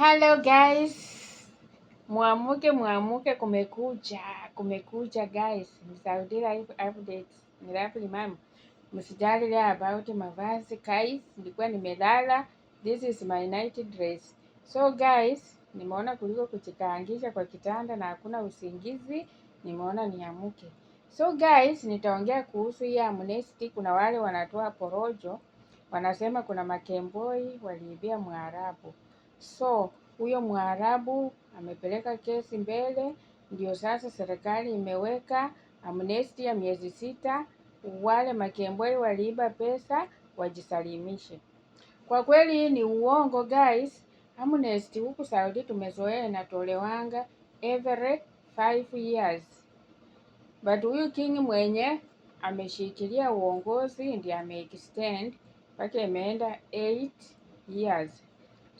Hello guys, mwamuke mwamuke, kumekucha kumekucha guys, ni Saudi Life Update, ni Rafli mama. Msijali about mavazi guys, nilikuwa nimelala. This is my night dress. So guys, nimeona kuliko kujikaangisha kwa kitanda na hakuna usingizi, nimeona niamuke. So guys, nitaongea kuhusu hii amnesty. Kuna wale wanatoa porojo, wanasema kuna makemboi waliibia Mwarabu So huyo Mwarabu amepeleka kesi mbele, ndio sasa serikali imeweka amnesti ya miezi sita, wale makemboi waliiba pesa wajisalimishe. Kwa kweli ni uongo guys. Amnesty huku Saudi tumezoea inatolewanga every five years, but huyu king mwenye ameshikilia uongozi ndiye extend mpaka imeenda eight years.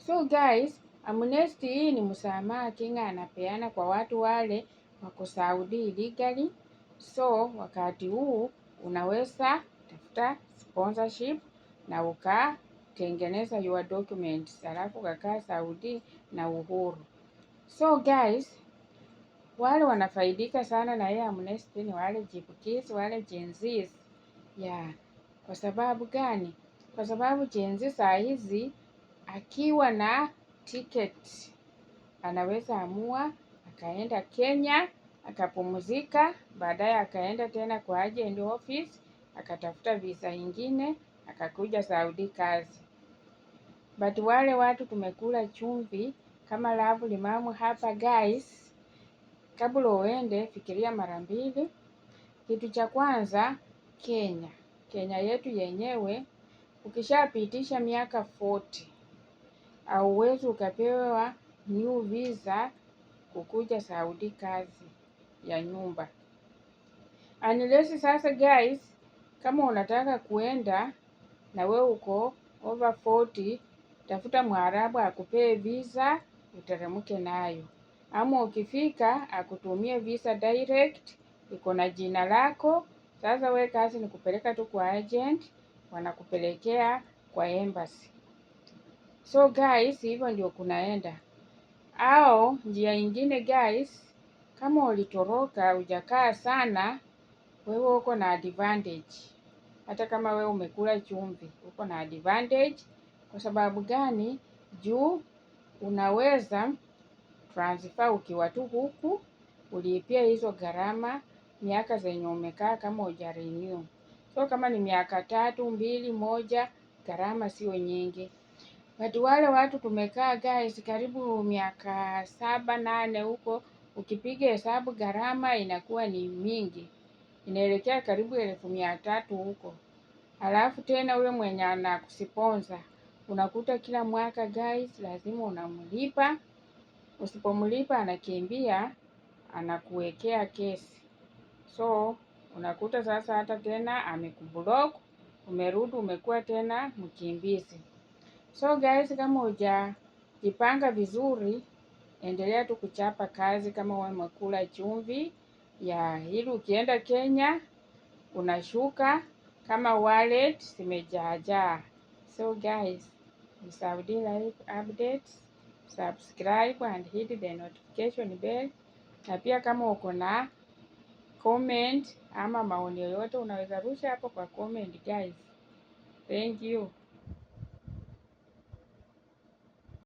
So guys, amnesty hii ni msamaha kinga anapeana kwa watu wale wako Saudi illegally. So wakati huu unaweza tafuta sponsorship na ukatengeneza your documents, alafu kakaa Saudi na uhuru. So guys, wale wanafaidika sana na hii amnesty ni wale jipukisi, wale jenzis ya yeah. Kwa sababu gani? Kwa sababu jenzi saa hizi akiwa na tiketi anaweza amua akaenda Kenya akapumzika, baadaye akaenda tena kwa agent office akatafuta visa ingine akakuja Saudi kazi. But wale watu tumekula chumvi kama lavu limamu hapa guys, kabla uende fikiria mara mbili. Kitu cha kwanza Kenya, Kenya yetu yenyewe ukishapitisha miaka au ukapewa new visa kukuja Saudi kazi ya nyumba. Unless sasa guys, kama unataka kuenda na we uko over 40, tafuta Mwarabu akupee visa uteremke nayo, ama ukifika akutumie visa direct, iko na jina lako. Sasa we kazi ni kupeleka tu kwa agent, wanakupelekea kwa embassy. So guys, hivyo ndio kunaenda. Au njia ingine guys, kama ulitoroka ujakaa sana, wewe uko na advantage. Hata kama wewe umekula chumvi, uko na advantage. Kwa sababu gani? Juu unaweza transfer ukiwa tu huku, ulipia hizo gharama miaka zenye umekaa kama ujarenew. So kama ni miaka tatu, mbili, moja, gharama sio nyingi. Watu wale watu tumekaa guys karibu miaka saba nane huko, ukipiga hesabu gharama inakuwa ni mingi, inaelekea karibu elfu mia tatu huko. Alafu tena ule mwenye anakusponsa unakuta kila mwaka guys, lazima unamlipa. Usipomlipa anakimbia, anakuwekea kesi, so unakuta sasa hata tena amekublock, umerudi umekuwa tena mkimbizi. So guys, kama hujajipanga vizuri, endelea tu kuchapa kazi. Kama wamekula chumvi ya ili, ukienda Kenya unashuka kama wallet zimejaajaa. So guys, Saudi Life Update. subscribe and hit the notification bell, na pia kama uko na comment ama maoni yoyote unaweza rusha hapo kwa comment guys. Thank you.